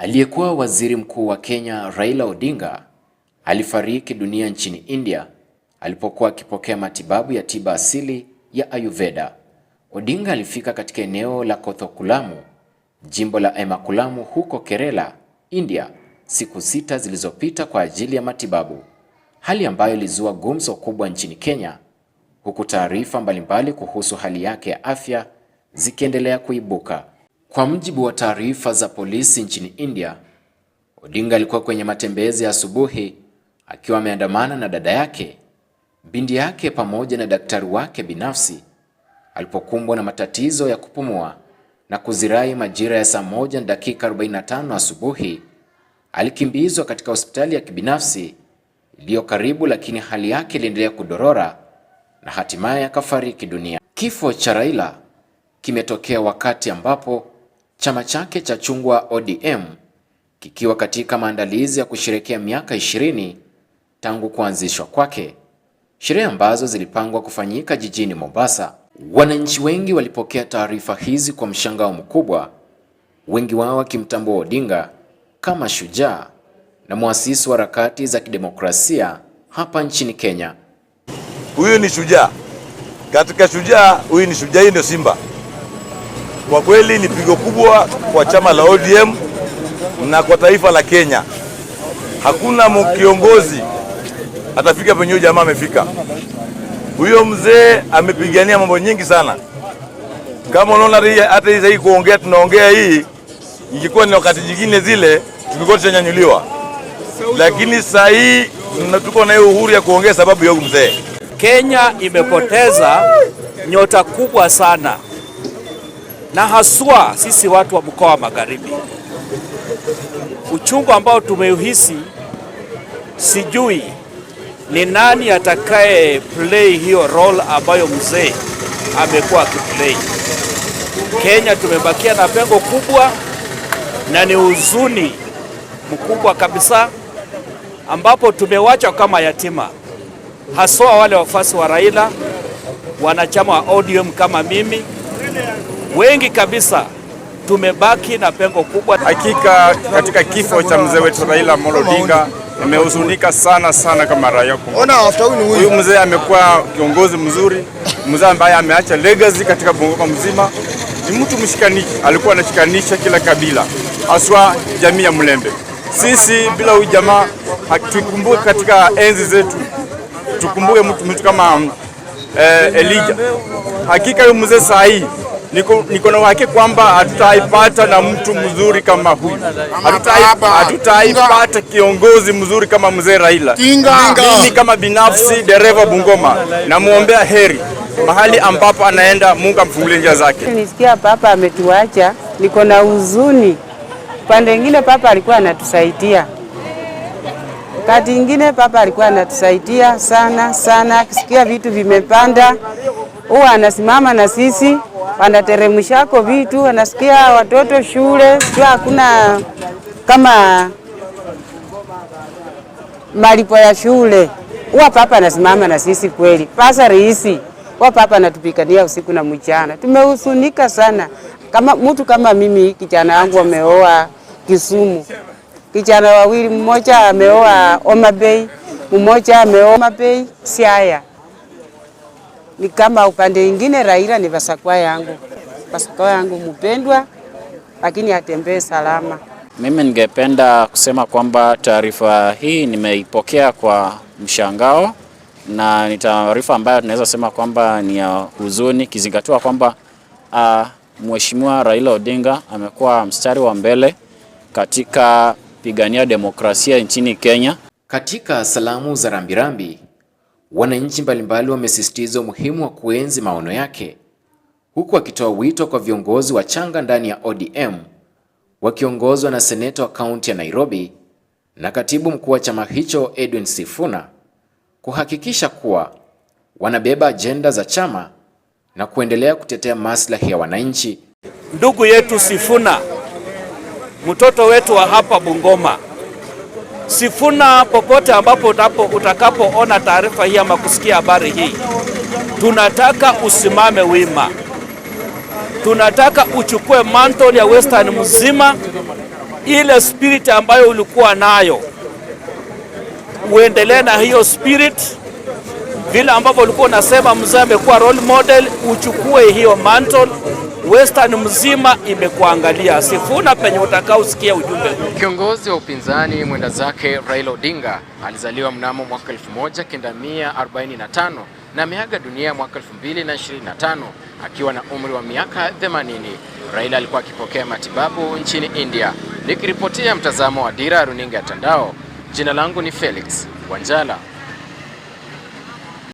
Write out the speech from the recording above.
Aliyekuwa waziri mkuu wa Kenya Raila Odinga alifariki dunia nchini India alipokuwa akipokea matibabu ya tiba asili ya Ayurveda. Odinga alifika katika eneo la Kothokulamu, jimbo la Emakulamu huko Kerala, India, siku sita zilizopita kwa ajili ya matibabu, hali ambayo ilizua gumzo kubwa nchini Kenya, huku taarifa mbalimbali kuhusu hali yake ya afya zikiendelea kuibuka. Kwa mujibu wa taarifa za polisi nchini India, Odinga alikuwa kwenye matembezi ya asubuhi akiwa ameandamana na dada yake, bindi yake pamoja na daktari wake binafsi alipokumbwa na matatizo ya kupumua na kuzirai majira ya saa moja na dakika 45 asubuhi. Alikimbizwa katika hospitali ya kibinafsi iliyo karibu, lakini hali yake iliendelea kudorora na hatimaye akafariki dunia. Kifo cha Raila kimetokea wakati ambapo chama chake cha chungwa ODM kikiwa katika maandalizi ya kusherehekea miaka 20 tangu kuanzishwa kwake, sherehe ambazo zilipangwa kufanyika jijini Mombasa. Wananchi wengi walipokea taarifa hizi kwa mshangao mkubwa, wengi wao wakimtambua Odinga kama shujaa na mwasisi wa harakati za kidemokrasia hapa nchini Kenya. Huyu ni shujaa katika shujaa, huyu ni shujaa, hii ndio Simba. Kwa kweli ni pigo kubwa kwa chama la ODM na kwa taifa la Kenya. Hakuna kiongozi atafika penye huyo jamaa amefika. Huyo mzee amepigania mambo nyingi sana. Kama unaona hata hii sahii kuongea tunaongea hii, ingekuwa ni wakati jingine zile tulikuwa tushanyanyuliwa, lakini saa hii tuko na uhuru ya kuongea sababu ya huyu mzee. Kenya imepoteza nyota kubwa sana na haswa sisi watu wa mkoa wa Magharibi, uchungu ambao tumeuhisi, sijui ni nani atakaye play hiyo role ambayo mzee amekuwa akiplay. Kenya tumebakia na pengo kubwa, na ni huzuni mkubwa kabisa, ambapo tumewachwa kama yatima, haswa wale wafasi wa Raila, wanachama wa ODM kama mimi wengi kabisa tumebaki na pengo kubwa. Hakika katika kifo cha mzee wetu Raila Amolo Odinga nimehuzunika sana sana kama raia. Huyu mzee amekuwa kiongozi mzuri, mzee ambaye ameacha legacy katika Bungoma mzima. Ni mtu mshikanishi, alikuwa anashikanisha kila kabila, haswa jamii ya Mlembe. Sisi bila huyu jamaa hatukumbuke katika enzi zetu, tukumbuke mtu mtu kama eh, Elija. Hakika huyu mzee saa hii niko, niko na uhakika kwamba hatutaipata na mtu mzuri kama huyu, hatutaipata kiongozi mzuri kama mzee Raila. Mimi kama binafsi dereva Bungoma namwombea heri mahali ambapo anaenda, Mungu amfungulie njia zake. Nisikia papa ametuacha, niko na huzuni. Upande mwingine papa alikuwa anatusaidia, wakati ingine papa alikuwa anatusaidia sana sana. Akisikia vitu vimepanda, huwa anasimama na sisi wanateremshako vitu, wanasikia watoto shule jua hakuna kama malipo ya shule. Huwa papa anasimama na sisi kweli, pasa rahisi huwa papa anatupikania usiku na mchana. Tumehusunika sana kama mtu kama mimi, kijana wangu ameoa Kisumu, kijana wawili, mmoja ameoa Homa Bay, mmoja ameoa Homa Bay Siaya ni kama upande mwingine Raila ni basakwa yangu, basakwa yangu mpendwa, lakini atembee salama. Mimi ningependa kusema kwamba taarifa hii nimeipokea kwa mshangao na ni taarifa ambayo tunaweza sema kwamba ni ya huzuni, kizingatiwa kwamba uh, Mheshimiwa Raila Odinga amekuwa mstari wa mbele katika pigania demokrasia nchini Kenya. Katika salamu za rambirambi Wananchi mbalimbali wamesisitiza umuhimu wa kuenzi maono yake huku akitoa wito kwa viongozi wa changa ndani ya ODM wakiongozwa na seneta wa kaunti ya Nairobi na katibu mkuu wa chama hicho Edwin Sifuna kuhakikisha kuwa wanabeba ajenda za chama na kuendelea kutetea maslahi ya wananchi. Ndugu yetu Sifuna, mtoto wetu wa hapa Bungoma, Sifuna, popote ambapo utapo utakapoona taarifa hii ama kusikia habari hii, tunataka usimame wima, tunataka uchukue mantle ya Western mzima, ile spirit ambayo ulikuwa nayo uendelee na hiyo spirit, vile ambavyo ulikuwa unasema mzee amekuwa role model, uchukue hiyo mantle. Western mzima imekuangalia, sifuna penye utakaosikia ujumbe huu. Kiongozi wa upinzani mwenda zake Raila Odinga alizaliwa mnamo mwaka 1945 na ameaga dunia mwaka 2025 akiwa na umri wa miaka 80. Raila alikuwa akipokea matibabu nchini India. Nikiripotia mtazamo wa Dira ya Runinga ya Tandao, jina langu ni Felix Wanjala.